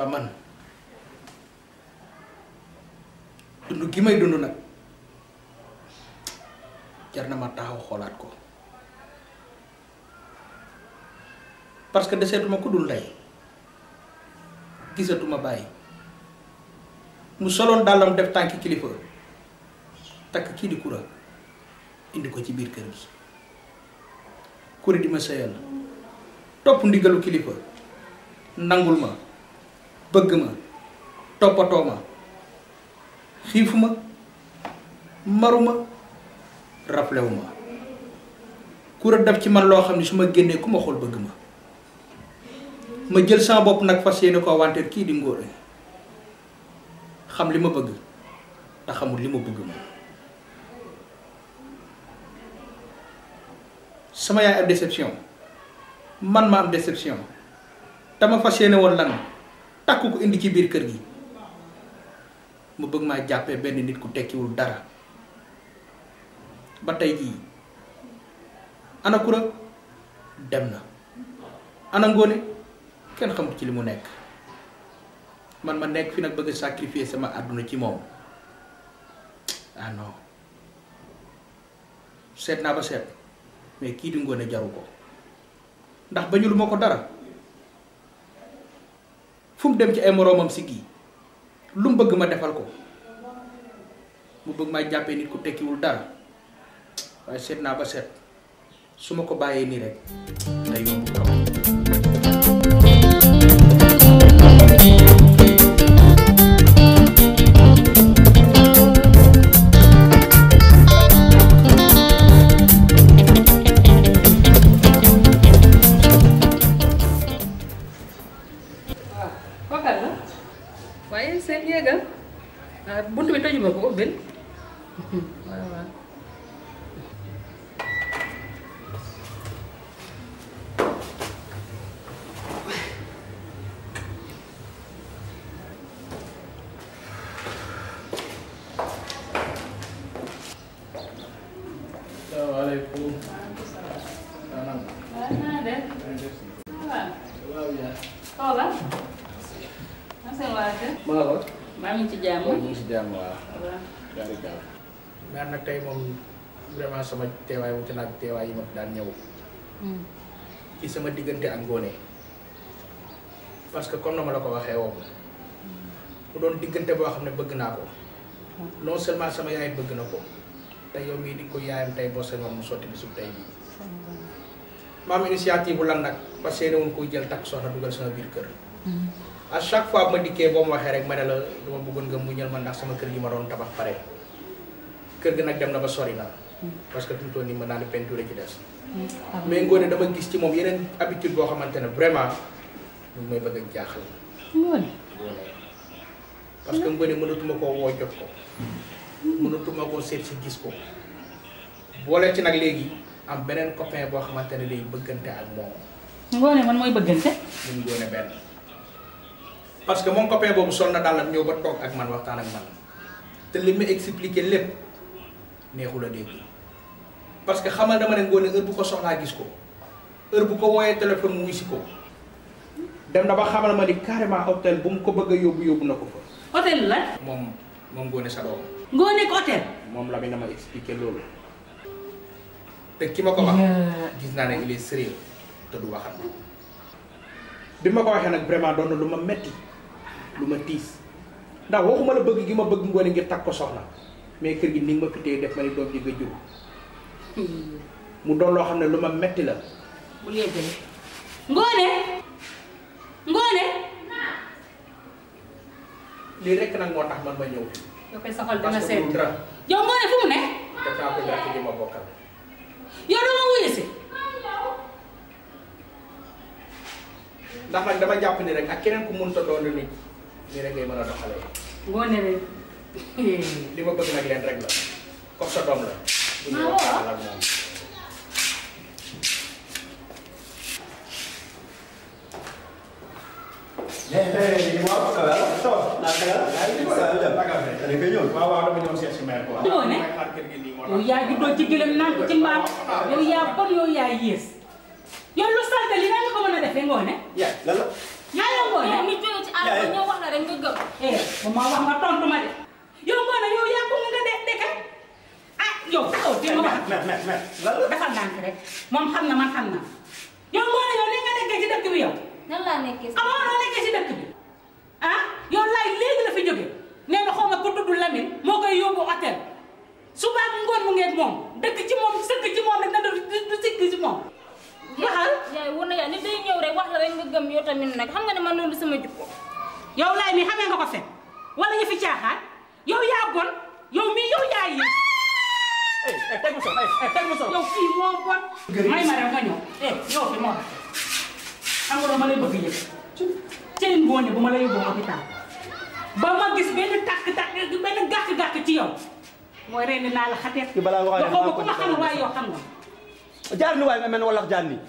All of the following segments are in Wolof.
waa man dund gi may dundu nak jarna ma taxaw xolat ko parce que setuma ku dul lay gisatuma bàyyi mu solon dalam def tanki kilifa tak ki di kura indi ko ci bir keur bi kura di ma sayal top ndigalu kilifa nangul ma bëgg ma toppatoo ma xiifu ma maru ma rappelé wu ma ku def ci man loo xam ne su ma génnee ku ma xool bëgg ma ma jël sama bopp nag fas yéene ko wanteer kii di ngóore xam li ma bëgg te xamul li ma bëgg ma sama yaay am déception man ma am déception dama fas yéene woon lan takku ko indi ci bir kër gi mu bëgg ma jappé ben nit ku tekkiwul dara ba tay gi ana kura dem na ana ngone ken xamut ci limu nek man ma nek fi nak bëgg sacrifier sama aduna ci mom ah non set na ba set mais ki di ngone jaru ko ndax bañu dara fu mu dem ci ay moroomam si kii lu mu bëgg ma defal ko mu bëgg maa jàppee nit ku tekkiwul dara waaye seet naa ba set su ma ko bàyyee nii rek day yomb trop maa ngi ci jàmm maa ngi ci jàmm waaw. waaw. naan nag tey moom vraiment sama teewaay wuute naa teewaay yi ma daan ñëw. Hmm. ci sama diggante ak Ngoné parce que comme na ma la ko waxee doon diggante boo xam ne bëgg naa ko hmm. non seulement sama yaay bëgg na ko te yow mii di ko yaayam tey boo sañoon mu sotti bisu tey bii hmm. maam initiative lan nag parce que yéen koy jël takk soxna dugal sama biir kër. à chaque fois ma diké bo mo waxé rek ma ne la dama bëggon nga muñal man ndax sama kër yi ma doon tabax paré kër gi nak dem na ba sori na parce que fi mu ma nii peinture ci dess mais ngone dama gis ci mom yeneen habitude bo xamantene vraiment mu may bëgg a jaaxal ngoone parce que ngoone mënatuma ko wo jot ko mënatuma ko sét ci gis ko bolé ci nak légui am benen copain bo xamantene lay bëggante ak mom ngone man moy bëggante mun ngoone benn parce que mon copain bobu sol na dàllat ñëw ba tok ak man waxtaan ak man te limi expliquer lepp lépp neexul a dégg parce que xamal dama ne ngone heure bu ko soxla gis ko heure bu ko woyé téléphone mu wisi ko dem na ba xamal ma ni carrément hôtel bu mu ko bëgg yobbu yobbu nako fa. hôtel la. mom mom ngone sa doom. ngone ko hôtel. mom la mi na ma expliquer lolu te ki ma ko wax. gis na né il est sérieux te du waxat bima ko waxé nak vraiment doon luma metti luma tiss ndax waxuma la bëgg gi ma bëgg ngone ngir takk ko soxna mais kër gi ni nga ma fi téye def ma ni doom ji nga mu doon lo xamne luma metti la bu yeggale ngone ngone li rek nak mo tax man ma ñëw yo fay saxal dana sét yo ngone fu mu ne dafa ko jàpp ji ma bokkal yow dama wuyé ci ndax man dama japp ni rek ak keneen ku mënta doon nit nii rek ngay mën a doxalee. ngoone rek. li ma bëgg nag leen rek la comme sa doom la. bu ah, ñu waxtaan ak moom. mais léegi li ma wax ko la toog naa ko la. yaa ngi koy ñëw waaw waaw dama ñëw seet si maire quoi. ñëw ne yow yaa juddoo ci gëlëm naan ko ci mbaam yow yaa bon yow yaa yées yow lu salte li nga ko mën a defee ngoone. yaa lan la. yaa yow Ngoné yow mi jóge ci àll ba ñëw wax la rek nga gëm. ba eh, ma wax nga tontu ma de yow Ngoné yow yàqu nga de dëkk ah yow. oh dégg nga wax mais mais mais loolu. defal ndànk rek moom xam na man xam na yow Ngoné yow ni nga nekkee ci dëkk bi yow. nan laa nekkee si dëkk bi amoo loo nekkee si dëkk bi ah yow lay. waay nga mel ne walax jaan nii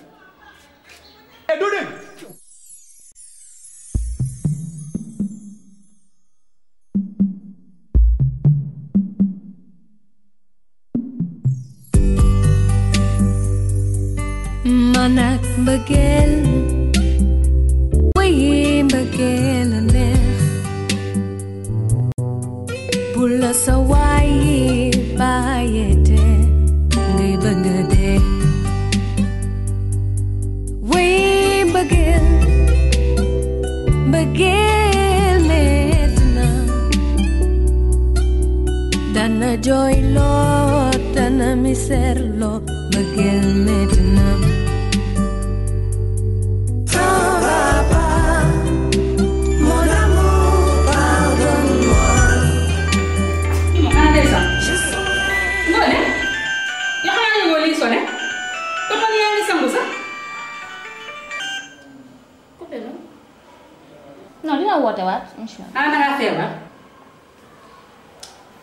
non dina woote waat incha allah. ah na ngaa feebar.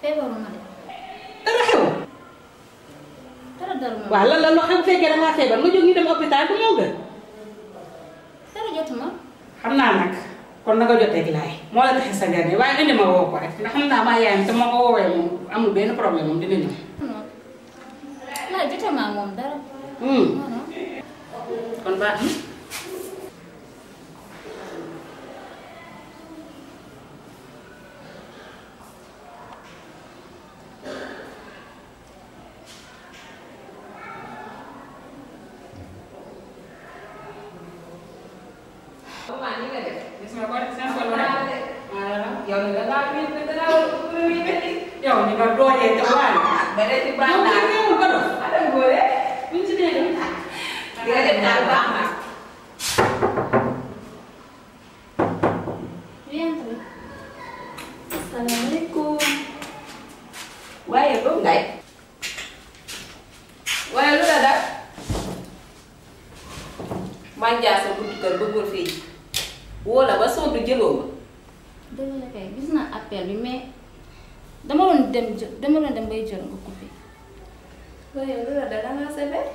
feebar waaw lan la loo xam fekkee da ngaa feebar nga jóg ñu dem moo gën. dara jotuma. xam naa nag kon na nga joteeg laay moo la taxee sa gane waaye indi ma woo ko rek ndax xam naa maa yaayam te moo ko woowee moom amul benn problème moom dina ñëw. non hmm. non kon baax na. asalaamaaleykum waaye boobu ngay waaye lu la dal man jaa sa buntu kër bëggul fii woo la ba sondu jëloo ma dëgg la kay gis naa appel bi mais dama doon dem jël dama doon dem bay jël nga coupé waaye lu la dal dangaa sebet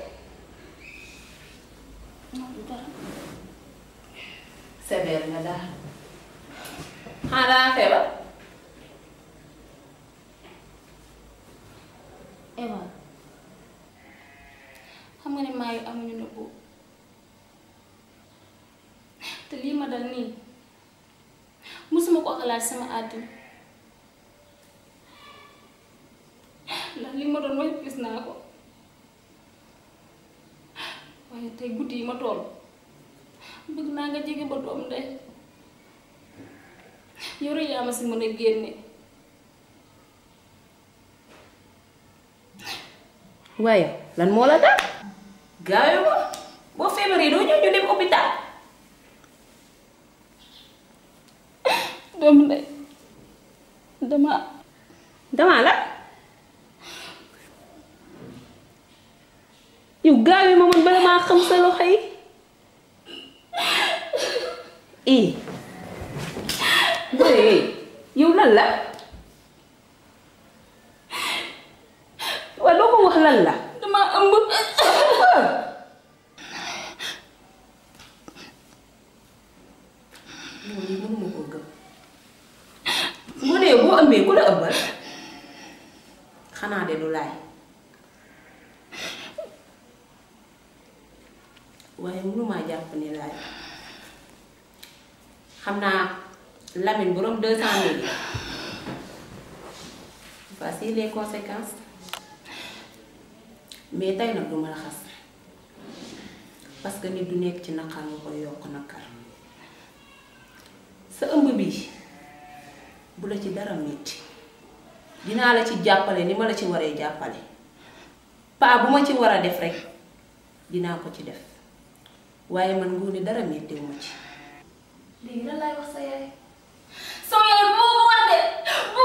sama àdduna ndax li ma doon wax gis naa ko waaye tey guddi yi ma toll bëgg naa nga jege ba lan moo la dal gaayo ma boo feebaree ñu dem hôpital dama la yow gaawee ma man bala maa xam sa loxo yi eh booy yow lan la waaye doo ko wax lan la deux cent mille voici les mais tey nag du la xas parce que nit du nekk ci naqar nga koy yokk naqar sa ëmb bi bu la ci dara metti dinaa la ci jàppale ni ma la ci waree jàppale paa bu ma ci war a def rek dinaa ko ci def waaye man nguur ni dara mettiwu ma ci léegi lan laay wax sa yaay So you'll move on it.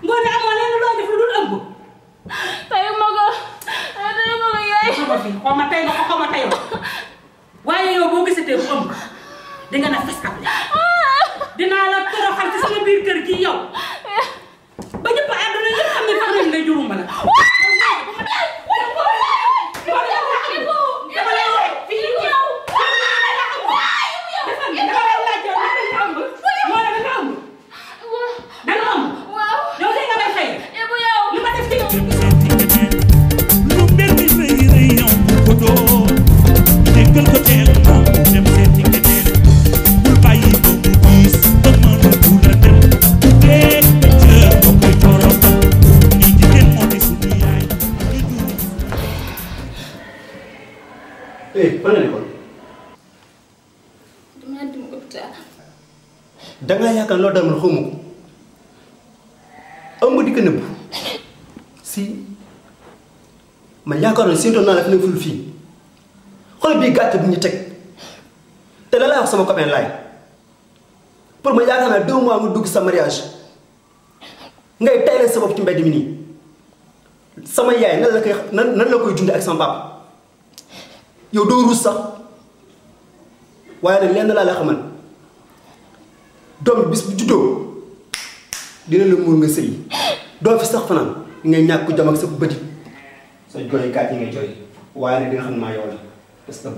What. naa la fi nga fii xool bii gàtt bi ñu teg te la laa sama copain laay pour ma yaakaar naa deux mois mu sa mariage ngay mi nii sama yaay nan la ak sama papa yow doo ruus sax waaye nag lenn laa la xamal doom bis bu juddoo dina la muur nga sëyi doo fi sax fanaan ngay ñàkk jam ak sa bët soo jooy gàcce ngay jooy waaye nag di nga xam ne maa yow la c'est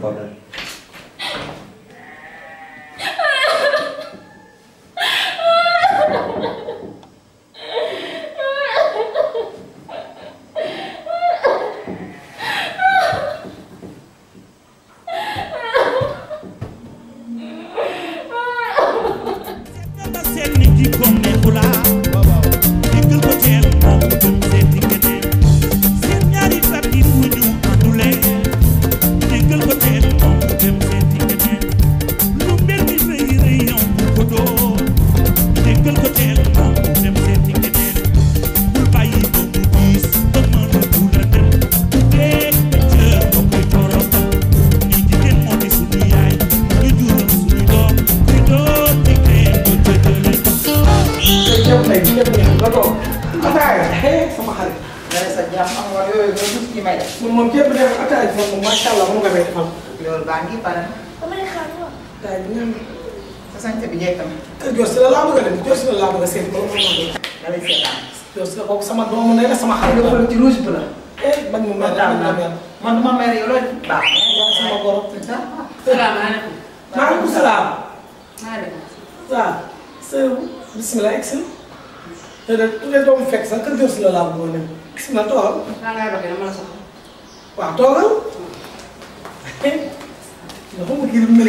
lay seetaan. yow sa ya, kooku kan, nah, nah, sama doomu ndey sama xarit la. nga fële ci rouge eh man mu mel man dama mer sama borom. salaamaaleykum. maaleykum salaam. maaleykum. waaw. sëñ bisimilah egg si na. te de ku ne doomu fekk sax kër Diop si la laa bëggoon dem. gis na toogal. daa ngay doxee dama la soxla. waaw toogal. dafa mu kii mbir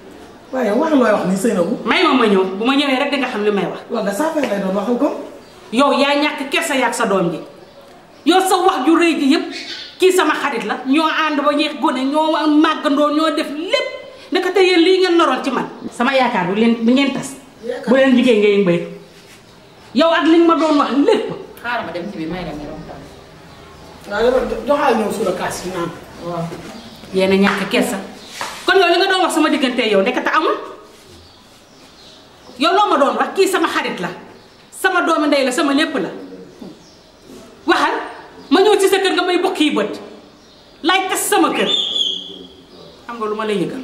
waaye wax looy wax ni Seynabou. may ma ma ñëw bu ma ñëwee rek di nga xam li may wax. loolu de saa lay doon waxal ko. yow yaa ñàkk kersa yaag sa doom ji yow sa wax ju ji sama xarit la ñoo ànd ba ñeex gone ñoo màggandoo ñoo def lépp naka te yéen lii ngeen noroon ci man. sama yaakaar bu leen bu ngeen tas. bu leen yow ak ma doon wax lépp. xaaral dem ci bi may dem doxal kaas naan. kon yow nga doon wax sama diggante yow ndekete amul yow loo ma doon wax kii sama xarit la sama doomi ndey la sama lépp la waxal ma ñëw ci sa kër nga may bokk yi bët laay tas sama kër xam nga lu ma la yëgal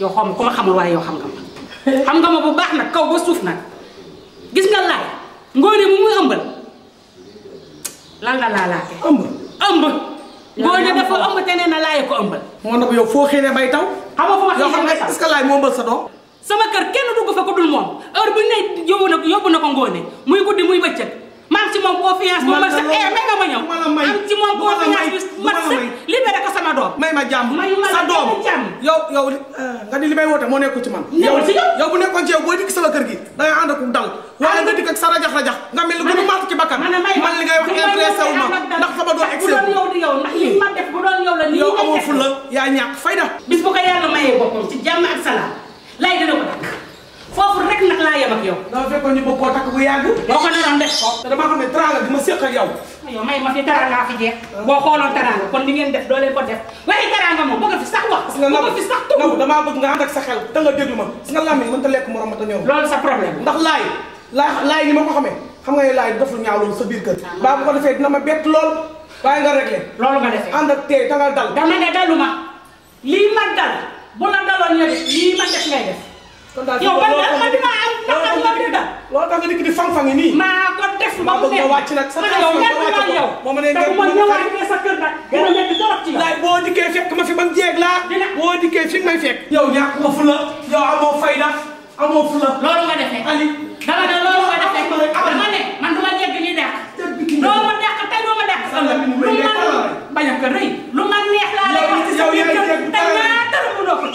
yow xaw ku ma xamul waaye yow xam nga ma xam nga ma bu baax nag kaw ba suuf nag gis nga laay ngóone mu muy ëmbal lan la laalaate ëmb ëmb góor ñi dafa ëmb te nee a laay ko ëmbal. moo tax yow foo xëy bay taw. xam nga fu ma xëy bay taw est laay moo ëmbal sa doom. sama kër kenn dugg fa ko dul moom heure bu ñu yóbbu na yóbbu na ko ngóone muy guddi muy bëccëg ma am ci moom confiance bu ma sa eh may nga ma ñëw. am ci moom confiance bi ma sa libéré ko sama doom. may ma jàmm sa doom yow yow eh, nga ni li may woote moo nekku ci man. yow yow bu nekkoon ci yow boo dikk sama kër gi da ngay ànd ak dal. wala nga dikk ak sa rajax rajax nga mel ni gënu maat ci bakkan. man li ngay wax intéressé wu ma ndax sama doom excès bu doon yow di yow ndax li ma def bu doon yow la. yow amoo fulla yaa ñàkk fayda. bis bu ko yàlla mayee boppam ci jàmm ak salaam lay dina ko takk foofu rek nag laa yem ak yow. dama fekkoon ñu bëgg koo takk bu yàgg. boo ko naroon def ko. te damaa xam ne teraanga bi ma séq ak yow. yow may ma fi teraanga fi jeex. boo xooloon teraanga kon li ngeen def doo leen ko def waaye teraanga moom bëgg fi sax wax. parce que bëgg fi sax tugg. damaa bëgg nga ànd ak sa xel te nga déglu ma. gis nga làmmiñ mënta lekk morom ma te ñëw. loolu sa problème ndax laay laay laay ah. dal. dama ne daluma lii ma dal bu la daloon ñëw yow ban nga man ma am naqar la dina loolu tax fang fang nii maa ko def ba mu nekk wàcc nag sa kaw nga wàcc ko moom ne ngeen man ñëwaat ne sa kër nag gëna yegg torop ci laay boo dikkee fekk ma fi man jeeg laa boo dikkee fi may fekk yow ñàkk ma fula yow amoo fayda amoo fula loolu nga defee ali dama ne loolu nga defee dama ne man duma jeeg ni dàq doo ma dàq lu lu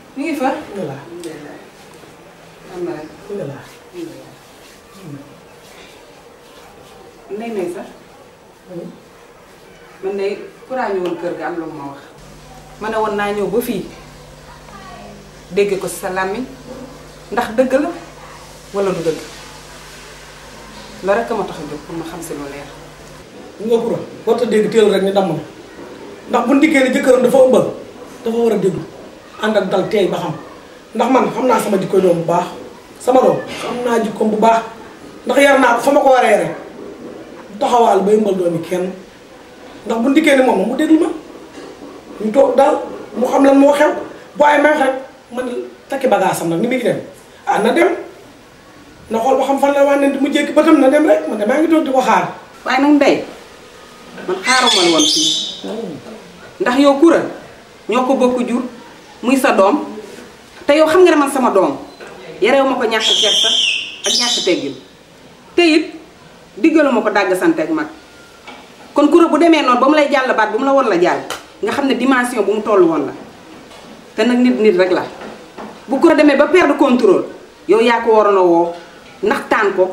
mi ngi fa. alhamdulilah alhamdulilah. alhamdulilah. ndey may sax. man de kuraa ñëwoon kër ga am lu ma wax. ma ne woon naa ñëw ba fii dégg ko si sa làmmiñ ndax dëgg la wala du dëgg la rek ma tax a jóg pour ma xam si lu leer. nga kura warta dégg teel rek ni damm na ndax bu ndikkee ne jëkkëram dafa ëmbal dafa war a déglu. ànd ak dal teey ba xam ndax man xam naa sama dikko doom bu baax sama doom xam naa jikkoom bu baax ndax yar naa ko fa ko waree rek taxawaal ba yëmbal doomi kenn ndax bu ndikkee ne moom mu déglu ma ñu xam lan moo xew bu ay takki bagaasam nag ah na dem na xool ba xam fan la wàññi mu jékki ba tam na dem rek maa ngi toog di ko xaar. a nag ndax yow Koura ñoo ko bokk jur. muy sa doom te yow xam nga ne sama doom yarew ma ko ñàkk kersa ak ñàkk teggin te it diggalu ma ko dàgg sant ak mag kon kura bu demee noonu ba mu lay jàll baat bu mu la war la jàll nga xam ne dimension bu mu toll woon la te nag nit nit rek la bu ko demee ba perdre contrôle yow yaa ko waroon a woo naxtaan ko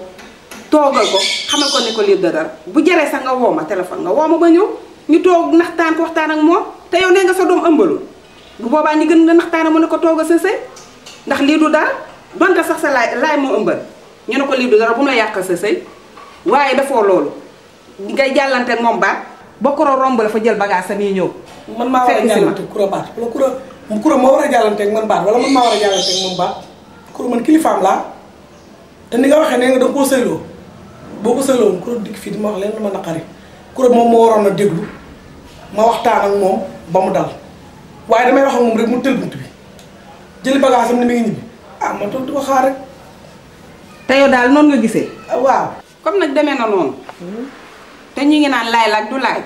toogal ko xamal ko ne ko lii dara bu jaree sax nga woo ma téléphone nga woo ma ba ñëw ñu toog naxtaan ko waxtaan ak moom te yow nee nga sa doom ëmbalul bu boobaa ñu gën la naxtaana mu ne ko toog a sa sëy ndax lii du dara donte sax sa laay laay moo ëmbal ñu ne ko lii du dara bu mu la yàqal sa sëy waaye dafoo loolu ngay jàllante ak moom baat ba koro romb la jël bagage sa nii man maa war a jàllante kuro baat wala kuro kuro moo war a jàllante ak man baat kilifaam laa te ni nga waxee nee nga da koo sëyloo boo ko sëyloo woon kuro dikk fii di ma wax leen lu ma naqari kuro moom moo waroon a déglu ma waxtaan ak moom ba mu dal. waaye damay wax ak rek mu tël bunt bi jëli bagage am ni mi ngi ñibbi ah ma toog di ko xaar rek. te yow daal noonu nga gisee. Ah, waaw. comme nag demee na noonu. te ñu ngi naan laay laaj du laaj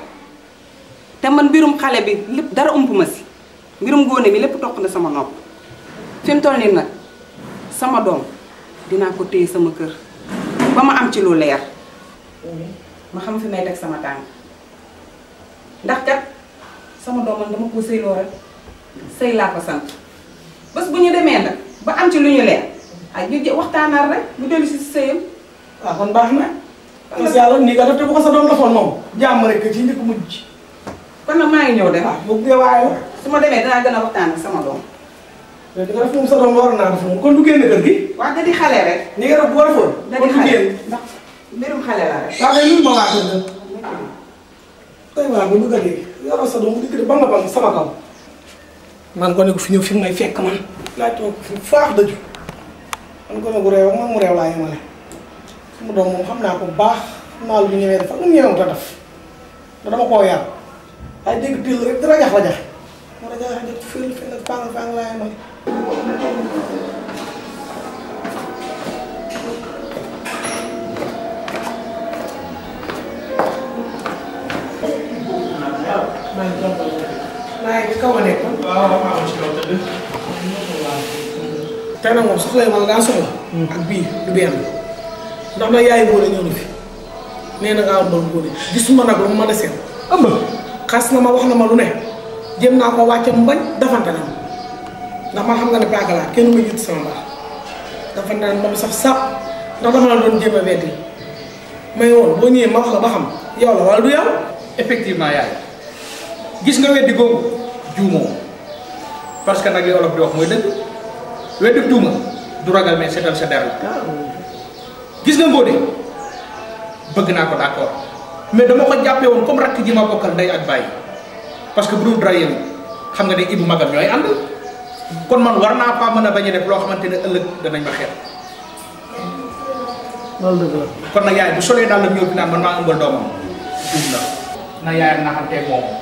te man mbirum xale bi lépp dara ump ma si mbirum góone bi lépp toq na sama nopp fi mu toll nii nag sama doom dinaa ko téye sama kër ba ma am ci lu leer. ma xam fi may teg sama tànk ndax kat sama doom man dama ko sëyloo rek. sëy laa ko sant bés bu ñu demee nag ba am ci lu ñu leer ay ñu waxtaanaar rek mu dellu si sëyam waaw ah, kon baax na parce que nii nga def ko sa doom defoon moom jàmm rek ci njëkk mujj kon nag maa ngi ñëw dem ah, bu waaye su ma demee danaa gën a waxtaan ak sama doom mais di nga def moom sa doom war naa def moom kon du génn kër gi waaw da di xale rek ni nga def bu war a foon da di xale ndax mbirum xale la rek waaw mais lu ma waa kër tey waa nga bëgg a dégg yoroo sa doom bu dikkati ba nga bam sama kaw man gone gu fi ñëw fi may fekk man laa toog fi faax dëju man gone gu réew man mu réew laa yemale mu doom moom xam naa ko baax xam naa lu mu ñëwee dafa lu mu ñëwee ta def da dama koo yar ay dégg pil rek dara jax ma da jax jax fil fil ak fang laa yemale naa ci a nekk. waaw maa ngi ci kaw tëdd. tey moom soxla yi ma daa soxla. ak bii du benn ndax nag yaay boole ñëw na fi na ngaa doon boole gisuma nag lu mu mën a seet. ëmb xas na ma wax na ma lu ne jéem naa ko wàcce mbañ dafante ma xam nga ne paaka kenn muy jiitu sama mbaax na naan moom sax sàpp ndax dama la doon jéem a weddi may woon boo ñëwee ma wax la ba xam yow la wala du yow. effectivement yaay. gis nga weddi googu juumoo parce que nak li olof di wax moy deug weddi juuma du ragal mais setal sa der gis nga ngóode bëgg na ko d'accord mais dama ko jappé won comme rak ji ma bokkal day ak baye parce que bu dul xam nga day ibu magam ñoy and kon man warna pa faa mën def lo xamanteni ne da nañ ma xéer loolu dëgg la kon nag yaay bu solé dal ñu dina man ma ëmbal doom na yaay na xanté mom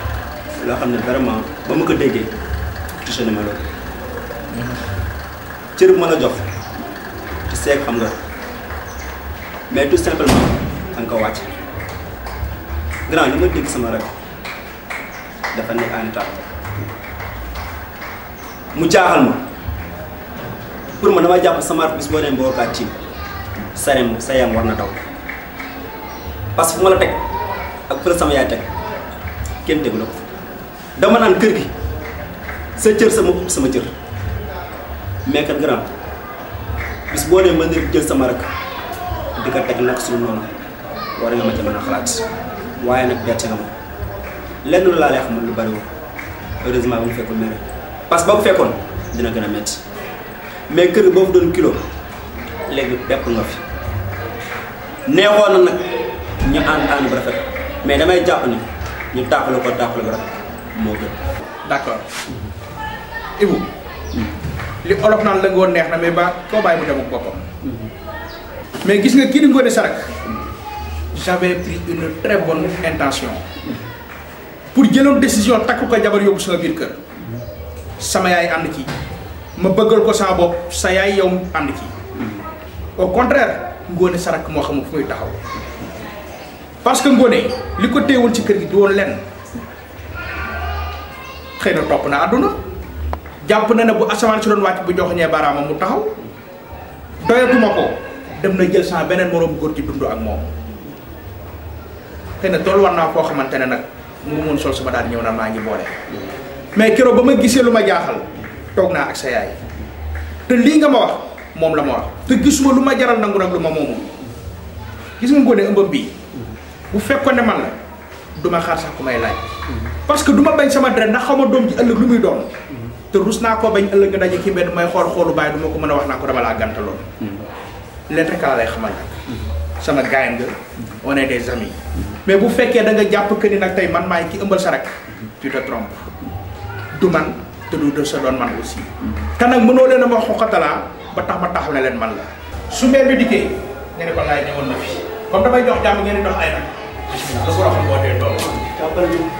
loo xam ne vraiment ba ma ko déggee touché na ma loolu cër mën a jox ci seeg xam nga mais tout simplement da nga ko wàcc grand li ma dégg sama rek dafa nekk en état mu jaaxal ma pour ma dama jàpp sama bis boo dem boo kaa ci sarem sa war na daw parce que ma la teg ak fële sama yaay teg kenn déglu ko dama naan kër gi sa cër sama sama cër mais kat grand bis boo nee mën na jël sama rak di ko teg nag su noonu war nga ma ci mën a xalaat waaye nag bett na ma lenn laa lay xamal lu bari woon ba mu fekkoon mere parce que ba mu fekkoon dina gën a métti mais kër gi boo fi doon kilo léegi bépp nga fi neexoon na nag ñu ànd ànd bu rafet mais damay jàpp ni ñu tàqale ko tàqale bu rafet. moo gën. accord li olof naan la nga neex na mais ba koo bàyyi mu dem ak boppam. mais gis nga kii di Sarak. j'avais pris une très bonne intention. pour jëloon décision takk ko jabar yóbbu sama biir kër. sama yaay ànd ci. ma bëggal ko saa bopp sa yaay yow ànd ci. au contraire Ngoné Sarak moo xamul fu muy taxaw. parce que Ngoné li ko téewoon ci kër gi di woon lenn. xeyna top na aduna japp na ne bu asaman ci doon wacc bu ñe barama mu taxaw doyatuma ko dem na jël sa benen morom goor ci dundu ak mom xeyna tol war na ko xamantene nak mu mu sol sama daal ñew na ma ngi boole mais kéro bama gisé luma jaaxal tok na ak sa yaay te li nga ma wax mom la ma wax te gisuma luma jaral nangu nak luma momu gis nga ngone ëmbam bi bu fekkone man la duma xaar sax kumay laaj parce que duma bañ sama dré ndax xama dom ji ëlëk lu muy doon mm. té rus na ko bañ ëlëk nga daje ki mbedd may xor xolu bay duma ko mëna wax na ko dama laa gàntaloon mm. leen rek laa lay xamal nag mm. sama gaay nga on est des amis mais bu féké da nga japp ke ni nak tay man may ki ëmbal sa rek tu te trompe du man te du de sa doon man aussi kan nag mëno leen ma ma xoxatalaa ba tax ma tax na leen man la su mel bi diké nga ko lay ñëwoon na fi comme damay jox jamm ngeen di dox ay nak la ko xam boo dee doom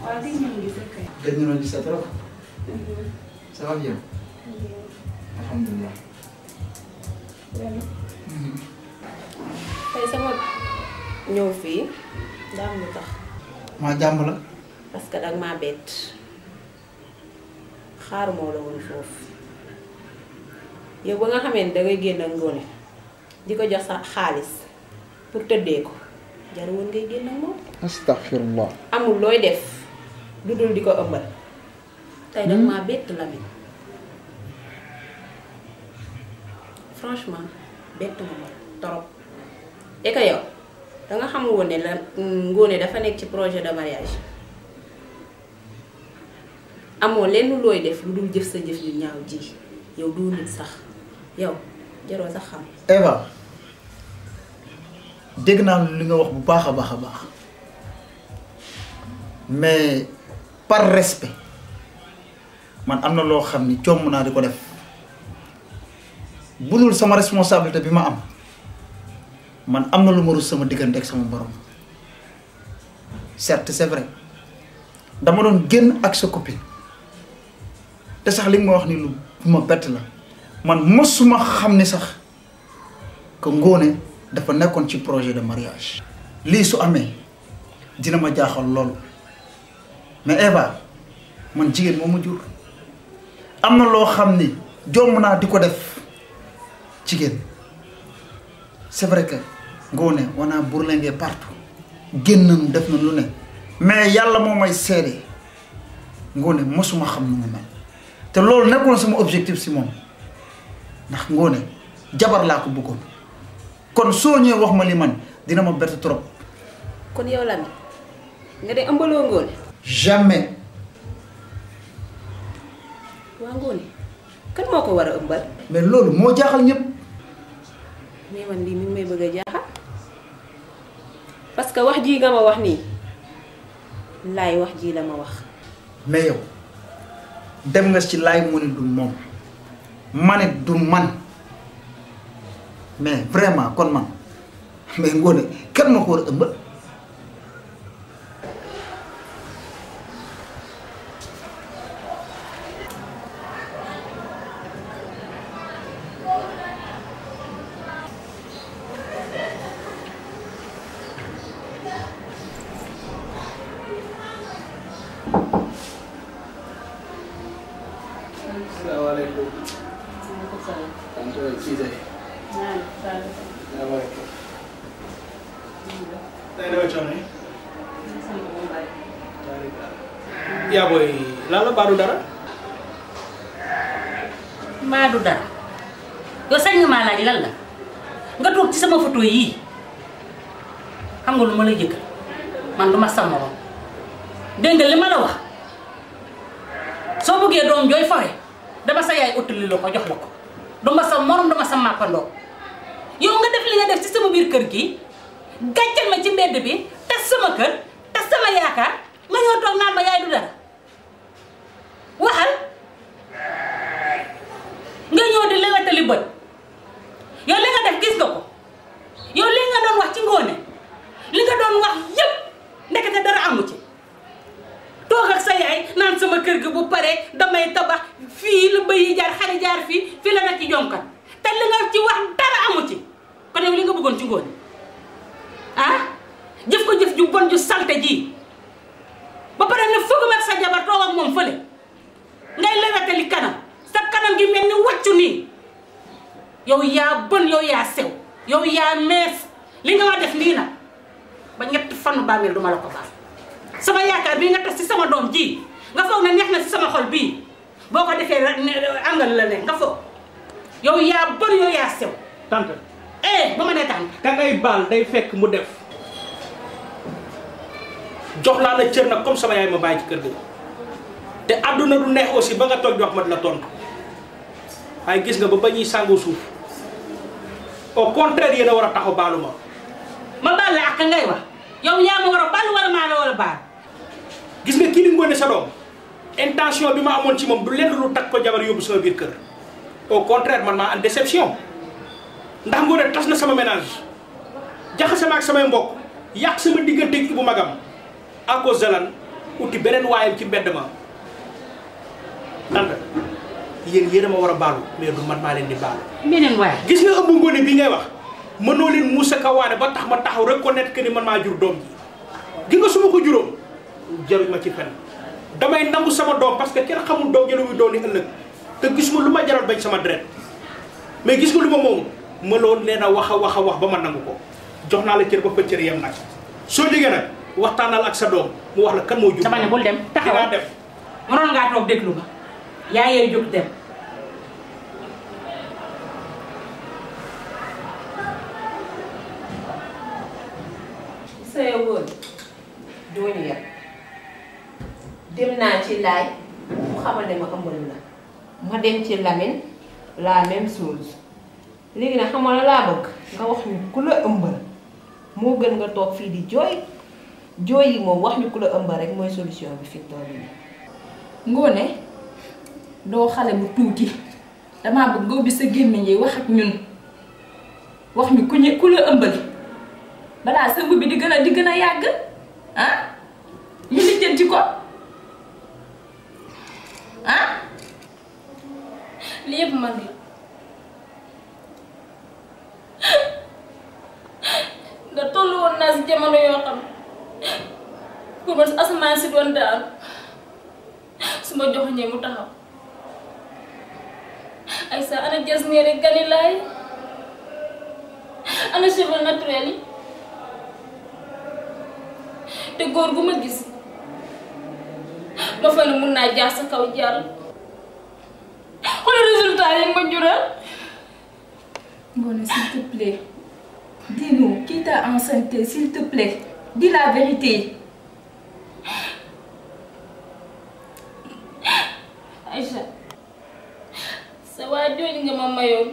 Quase música. Terminou de ser troca? Uhum. Você lá viu? Viu. Alhamdulillah. tey sama nyofi fii daa Ma jam la. parce que dag maa bett xaar moo la woon foofu yow ya, ba nga xamee ne dangay génn ak ngoone di jox sa pour ko jar ngay ak astaghfirullah. amul def. lu dul di ko ëmbal. tey nag maa bett Lamine franchement bett ma ma trop et que yow da nga xamul woon ne la mm, Ngoné dafa nekk ci projet de mariage amoo lenn looy def lu dul jëf sa jëf yu ñaaw ji yow doo nit sax yow jaroo sax xam. Eva dégg naa li nga wax bu baax a baax a baax mais. par respect man am lo xamni ciom ni diko def budul sama responsabilité bima am man am lu ma sama diggante ak sama borom certes c'est vrai dama don genn ak sa copine té sax li nga wax ni lu buma bet la man musuma xamni sax ko ngone dafa nekkon ci projet de mariage li su amé dina ma jaxal lolou mais Eva man jigéen moo ma jur am na loo xam ni jomb naa di ko def jigéen c'est vrai que ngoone on a bourlingué partout génn nañu def na lu ne mais yàlla moo may seede ngoone mosuma xam nu mu mel te loolu nekkoon sama objectif si moom ndax ngoone jabar laa ko bëggoon kon soo ñëwee wax ma li man dina ma bett trop. kon yow Lamine nga de ëmbaloo ngoone jamais. waa Ngoné kan moo ko war a ëmbal. mais loolu moo jaaxal ñëpp. mais man lii mi may bëgg a jaaxal parce que wax jii nga ma wax nii laay wax jii la ma wax. mais yow dem nga ci laay mu ne du moom ma du man mais vraiment kon man mais Ngoné kan moo ko war a ëmbal. soo bëggee ya, doom jooy fore dama sa yaay utali la ko jox la ko dama sa morom dama sa màppandoo yow nga def li nga def ci sama biir kër gi gàccal ma ci mbedd bi tas sama kër tas sama yaakaar ma ñoo toog naan ma yaay du dara waxal ngay fekk mu def jox laa la cër nag comme sama yaay ma bàyyi ci kër gi te àdduna lu neex aussi ba nga toog jox ma di la tontu waaye gis nga ba ba ñuy sàngoo suuf au contraire yéen a war a taxaw baalu ma. ma baal la ak ngay wax yow yaa ma war a baal wala maa la war a baal. gis nga kii li ngoone sa doom intention bi ma amoon ci moom du lenn lu takk ko jabar yóbbu sama biir kër au contraire man maa am déception ndax ngoone tas na sama ménage. jaxase ma ak samay mbokk yak sama ci bu magam Aku zalan, uti benen wayam ci mbedd ma ànd yéen yéen a ma war mais du man ma len di balu menen way gis nga ëmb ngone bi ngay wax len musa ka Kawaane ba tax ma taxaw net ke ni man ma jur dom gi nga suma ko juro jaru ma ci fenn damay nangu sama dompas, parce que kene xamul dom jëlu muy doon ni te gis ma luma jaral bañ sama dret mais gis nga lu ma moom ma loon leen wax ba ma nangu ko jox naa la cër ba fa cër yem nag soo jógee nag ak sa doom mu wax la kan mo jóg dama ne bul dem taxaw dem mënoon ngaa toog déglu ma yaa yee jóg dem sëye woon dooñu yar dem na ci lay mu xamal ne ma ëmbalu la ma dem ci Lamine la même chose légui na xamona la bëgg nga wax ni ku la ëmbal moo gën nga toog fii di jooy jooy yi moom wax ñu ku la ëmba rek mooy solution bi fi mu toll nii. Ngoné doo xale bu tuuti damaa bëgg góob bi sa gémmiñ yi wax ak ñun wax ñu ku ñu ku la ëmbal balaa sëmb bi di gën a di gën a yàgg ah ñu lijjanti ko ah. li yëpp man jamono yoo xam pour man asamaan si doon daal su ma joxoñee mu taxaw ay sa ana jas neeri ganilaay ana cheveux naturel te góor gu ma gis dafa ne mun naa jaar sa kaw jàll xoolal résultat yi ma jural ngoone s'il te Dis-nous, qui t'a enceinte, s'il te plaît Dis la vérité. Aïcha, ça va jooju de ma mayoon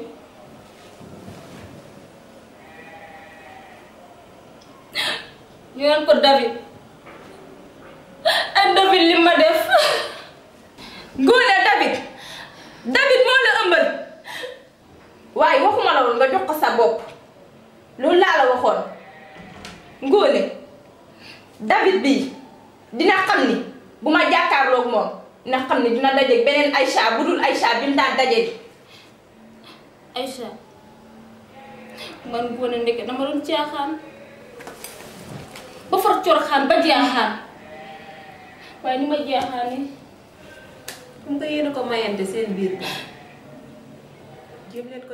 ñu naan ko David un David il ma def góone David David moi, la suis un waxuma la woon nga jox ko sa loolu laa la waxoon ngóone David bii dina xam ni bu ma jàkkaarloog moom dina xam ni dina dajeeg beneen Aïcha bu dul Aïcha bi mu daan dajeeg. Aïcha man ngóone ndeke dama doon caaxaan ba far corxaan ba jaaxaan waaye ni ma jaaxaanee. comme que yéen a ko mayante seen biir jéem ko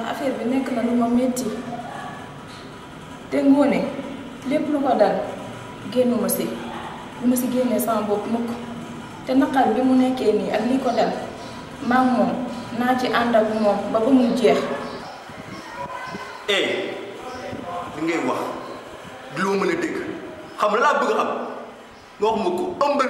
ndax bi nekk na lu ma metti te ngoone lépp lu ko dal génnuma si bu ma si génnee sama mukk te naqar bi mu nekkee nii ak li ko dal maa moom naa ci ànd ak moom ba ba mu jeex eh li ngay wax di loo mën a dégg xam laa bëgg xam nga wax ma ko ëmbal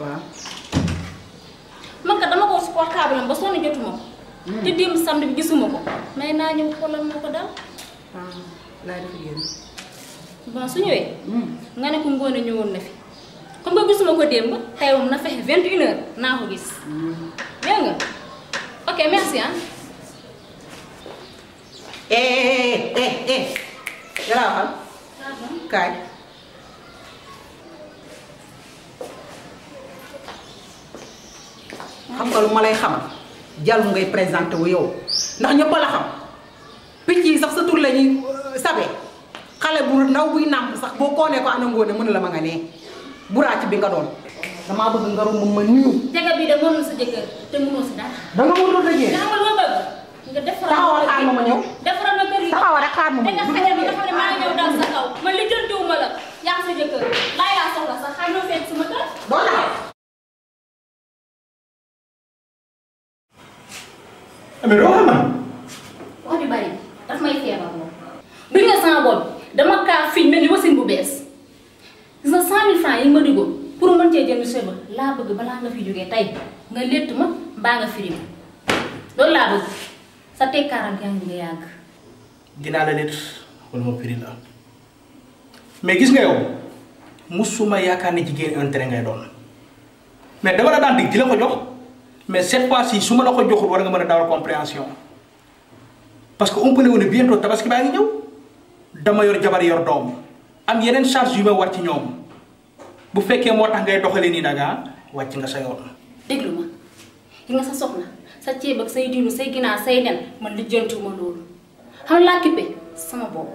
waaw. man kat dama ko wut ba sonn jotuma ko. Hmm. te démb samedi bi gisuma ko. may naa ñëw xoolal ma ko daal. waaw ah, laay dafa bon su ñëwee. Hmm. nga ne ko ngoone ñëwoon na fi. comme nga gisuma ko démb tey moom na fexe vingt une heure naa ko gis. Hmm. dégg nga ok merci eh, eh, eh, ah. eh xam nga lu ma lay xam jallu ngay présenter wu yow ndax ñepp la xam pitti sax sa tour lañuy euh, sabé xalé bu ndaw buy nàmp sax boo koonee ko ana ngone mëna la ma nga nee buraac bi nga doon dama bëgg nga romb ma nuyu. jaga bi de mënu sa jëkkër te mënu si dara. da nga mënul la jël. nga xamal ma bëgg. nga defaral ma xaar ma ñew ñëw. defaral ma kër yi taxawal rek xaar ma ma ñëw. nga xale ma dafa ne maa dal sa kaw. ma li wu ma la yaa sa jëkkër la yaa soxla sax xaar ma fekk sama kër. doo mais doo xam wax ju bari daf may feebar moom. bi nga sama bopp dama kaa fiñ mel ni wasin bu bees gis nga cent mille yi ma diggoon pour mën cee jënd seba laa bëgg balaa nga fi jógee tey nga létt ma mbaa nga firi loolu laa bëgg sa teg quarante ans nga yàgg. dinaa la létt wala ma firi la mais gis nga yow musuma yaakaar ne jigéen intérêt ngay doon mais dama la daan dig di la ko jox. mais cette fois-ci su ma la ko joxul war nga mën a dawal compréhension parce que umpale wu ne bientôt tabaski baa ngi ñëw dama yor jabar yor doom am yeneen charge yu ma war ci ñoom bu fekkee moo tax ngay doxalee nii daga ah, wàcc nga sa yoon. déglu ma li nga sa soxna sa ceeb ak say diinu say ginaar say nen man lijjantiwuma loolu xam laa kippe sama bopp.